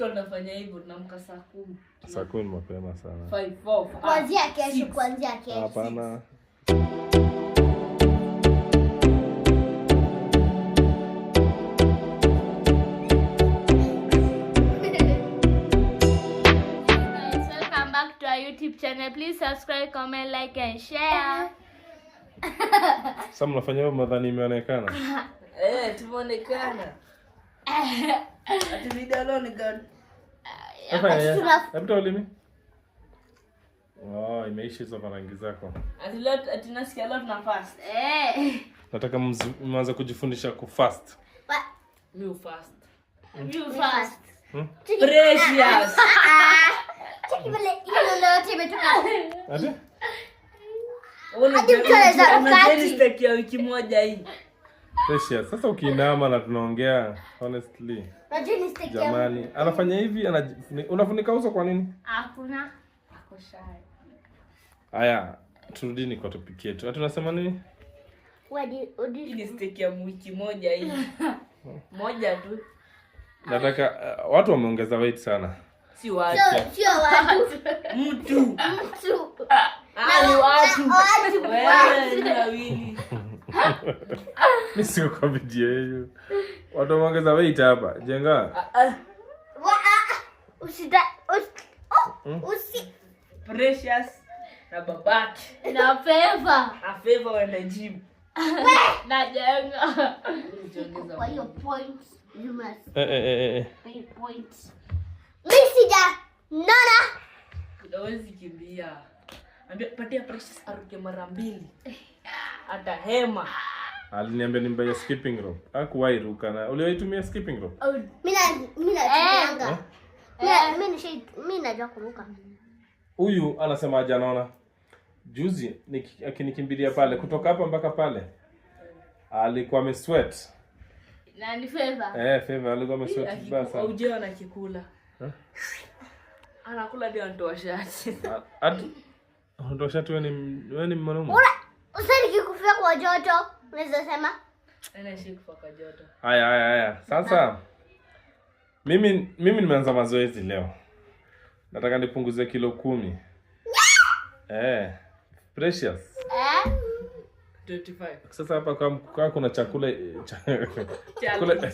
tulikuwa tunafanya hivyo saa kumi saa kumi mapema sana kuanzia kesho kuanzia kesho hapana YouTube channel. Please subscribe, comment, like and share. mnafanya hiyo madhani imeonekana? Eh, tumeonekana. Ati video leo ni gani? Hebu toa ulimi. Oh, imeishi hizo marangi zako. Ati leo ati nasikia leo tuna fast. Eh. Nataka mwanze kujifundisha ku fast. Mimi u fast. Mimi mm. u fast. Hmm? Precious. Cheki vile hilo lote imetoka. Ati? Hadi mtu anaweza kukati. Wiki moja hii. Tesha, sasa ukiinama na tunaongea honestly. Najua ni stake. Jamani, anafanya hivi ana unafunika uso kwa nini? Hakuna. Ako shy. Haya, turudini kwa topic yetu. Hata tunasema nini? Wadi odi. Ni stake ya wiki moja hii. Moja tu. Nataka uh, watu wameongeza weight sana. Si watu. Sio watu. Mtu. Mtu. Ah, ah ni watu. Watu. Wewe ni wewe. mi siko kwa video hiyo watu wameongeza weight hapa. Jenga hmm? Precious na na Favor Favor na Jenga kwa hiyo you must eh eh eh, eh, eh. nana ambia patia Precious aruke mara mbili hata hema. Aliniambia nimbaye skipping rope. Hakuwahi ruka na uliwaitumia skipping rope? Mimi mimi natumianga. Eh. Eh? Mimi eh. mimi mimi najua kuruka. Huyu anasema aje anaona. Juzi akinikimbilia pale kutoka hapa mpaka pale. Alikuwa amesweat. Na ni fever. Eh, fever alikuwa amesweat vibaya sana. Ujio anakikula. Anakula ndio anatoa shati. Anatoa shati wewe ni wewe ni mwanaume. Usani kufika kwa joto, unaweza sema yaani haya haya haya. Sasa mimi mimi nimeanza mazoezi leo, nataka nipunguze kilo kumi. Yeah! Eh, Precious. Eh? 25. Sasa hapa kwa kuna chakula chakula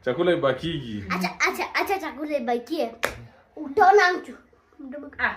chakula ibakigi. Acha acha acha chakula ibakie. Utona mtu. Ah.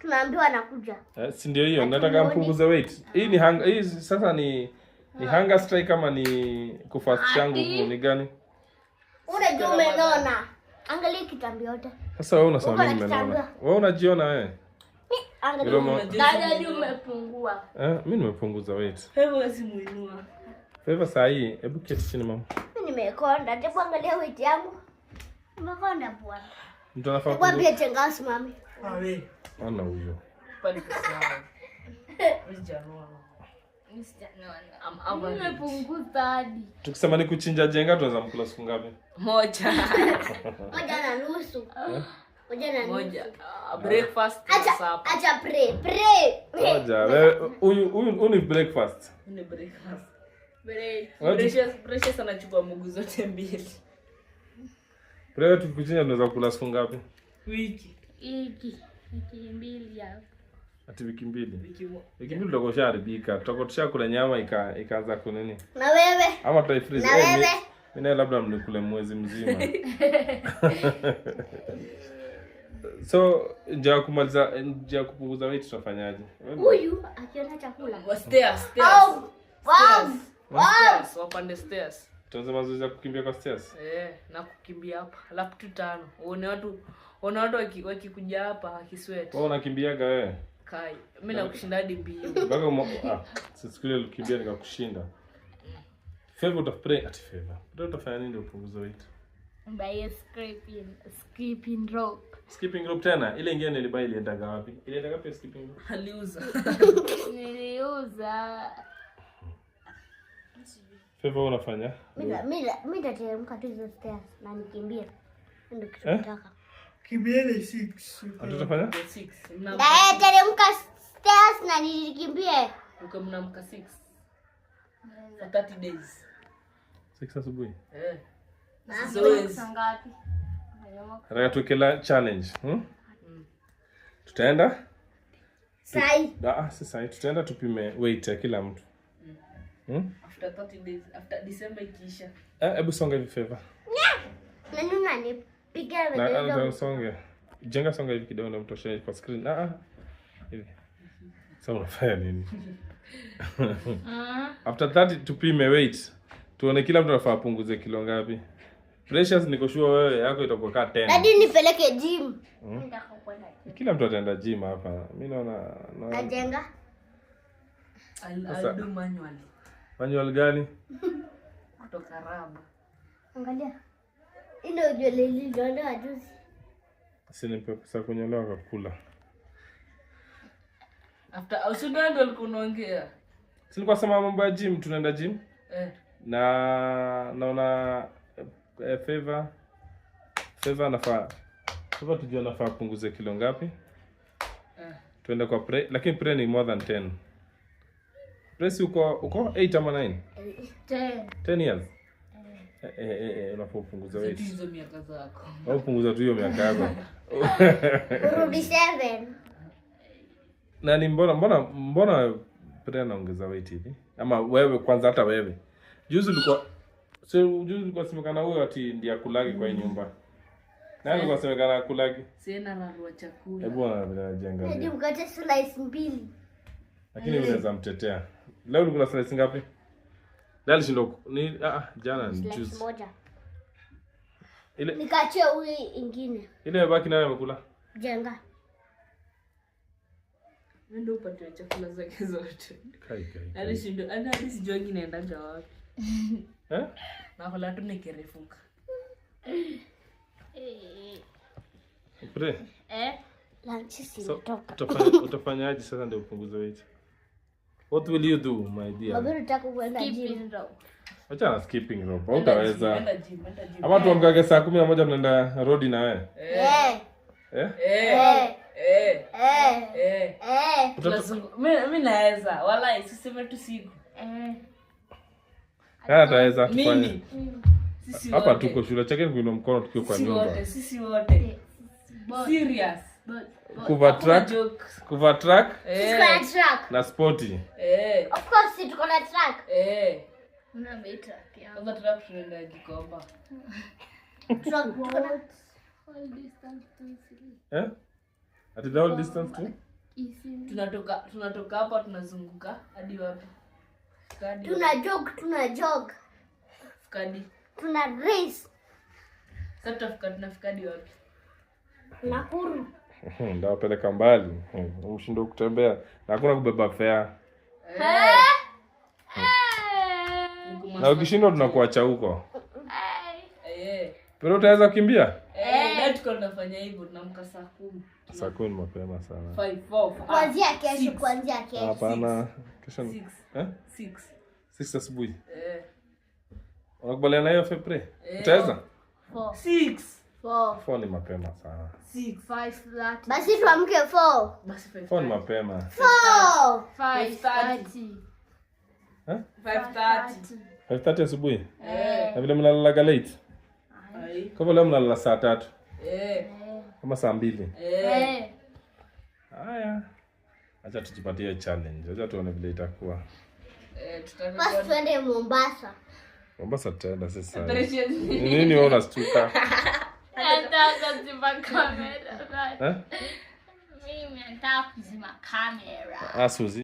tunaambiwa anakuja. Uh, si ndio hiyo, nataka mpunguze weight. Hii ni hanga, hii sasa ni ni ah. hunger strike ama ni kufasisha nguvu ni gani? Unajua umenona. Angalia kitambi yote. Sasa wewe unasema mimi nimenona. Wewe unajiona wewe? Angalia Dada, umepungua. Eh, mimi nimepunguza weight. Hebu wezi muinua. Hebu saa hii, hebu keti chini mama. Mimi nimekonda. Hebu angalia weight yangu. Nimekonda bwana. Mtu anafaa. Hebu ambie mami. Ana huyo tukisema ni kuchinja jenga, tunaweza mkula siku ngapi? Moja moja na nusu. Huyu eh? ah, ni breakfast. Precious anachukua mugu zote mbili. Tunaweza kula siku ngapi? Wiki. Wiki wiki mbili hapo. Ati wiki mbili. Wiki mbili tutakuwa tushaharibika. Tutakuwa nyama ika ikaanza kunini? Na wewe. Ama tutai freeze. Na eh, wewe. Mimi nayo labda mnikule mwezi mzima. So njia ya kumaliza njia ya kupunguza weight tutafanyaje? Huyu akiona chakula. Stairs, stairs. Wow. Wow. Stairs, wapande stairs tuanze mazoezi ya kukimbia kwa stairs eh, na kukimbia hapa alafu tu tano uone watu uone watu wakikuja waki hapa akisweat wewe unakimbiaga wewe eh? kai mimi nakushinda hadi mbio mpaka ah siku ile ulikimbia nikakushinda favorite of prey at favor ndio utafanya nini upunguze weight by scraping, skipping rope skipping rope tena ile ingine nilibai iliendaga wapi iliendaga wapi skipping rope aliuza niliuza sasa unafanya? Mimi nitateremka tu hizo stairs na nikimbie. Ndio kitu eh? nataka. 6. 6. Na eh, teremka stairs na nikimbie. Uko mnamka 6. For 30 days. 6 asubuhi. Eh. ngapi? Nataka tukila challenge, hmm? Mm. Tutaenda? Sai. Ah, Tutaenda tupime weight ya kila mtu. Hmm? Eh, hebu songa hivi favor. Na Jenga songa hivi kidogo na kwa screen. Ah, ah. unafanya nini? Ah. After 30 tupime weight. Tuone kila mtu anafaa apunguze kilo ngapi. Precious, niko wewe yako itakuwa kaa 10. Hadi Hmm? Kila mtu ataenda gym hapa. Mimi naona manually. Manual gani? Kutoka Raba. Angalia. Ilo nywele liliondoa juzi. Sinipe pesa kunyolewa kakula. After usunda ndio alikuwa unaongea. Si nilikuwa sema mambo ya gym, tunaenda gym. Eh. Na naona eh, favor favor anafaa favor tujue anafaa punguze kilo ngapi? Eh. Tuende kwa pre, lakini pre ni more than 10. Presi uko uko 8 ama 9? 10. 10 years. Eh eh eh, eh, eh unafaa wewe. weight. Hizo miaka zako. Au punguza tu hiyo miaka yako. Urudi 7. Na ni mbona mbona mbona pretend anaongeza weight hivi? Ama wewe kwanza hata wewe. Juzi ulikuwa so juzi ulikuwa semekana huyo ati ndiye akulagi kwa hii mm. nyumba. Nani alikuwa semekana akulagi? Sina na chakula. Hebu jenga. Hadi mkate slice mbili. Lakini unaweza eh. mtetea. Leo ulikula slice ngapi? Leo alishinda ni ah, ah jana ni juice. Slice Moja. Ile nikaachia huyu ingine. Ile imebaki nayo amekula. Jenga. Ndio upate chakula zake zote. Kai kai. Alishinda ana hadi sijuangi naendaga wapi. Eh? Na hola tu nikirefuka. Pre. Eh? Lunch si so, utafanya, utafanyaje sasa ndio upunguze weight? What will you do, my dear? Acha skipping rope. Hautaweza. Ama eh. tuamkage saa kumi na moja mnenda rodi na wewe. Eh. Eh. Eh. Eh. Eh. Eh. eh. eh. Wala tu siku. Eh. Hapa tuko shule chake kuinua mkono tukiwa kwa nyumba. Sisi wote, sisi wote. Serious. Kuva track, kuva track, na sporty. Eh. Of course si tuko na track. Eh. Una bei track Sasa track tunaenda Gikomba. Track what? All distance to Isili. Eh? Ati the all distance to? Tunatoka tunatoka hapa tunazunguka hadi wapi? Kadi. Tuna jog, tuna jog. Fukadi. Tuna race. Sasa tutafika tunafika hadi wapi? Nakuru. Ndawapeleka mbali, mshindo hmm, kutembea na hakuna kubeba fare na ukishindwa tunakuacha huko, pero utaweza kukimbia saa kumi mapema sana. Hapana, kesho eh? asubuhi. Eh. Unakubaliana hiyo Februari, eh. utaweza? 4 ni mapema sana. 6 5 Basi tuamke 4. Basi 5. 4 ni mapema. 4. Eh? 5:30. 5:30 asubuhi? Eh. Na vile mnalala late? Ai. Kwa vile mnalala saa tatu? Eh. Kama eh. saa mbili? Eh. eh. Haya. Acha tujipatie challenge. Acha tuone vile itakuwa. Eh, tutaenda. Basi Mombasa. Mombasa tutaenda sasa. Nini wewe unastuka? Tava de uma câmera, vai. Hã? Vim inventar uma câmera. Ah, Suzy.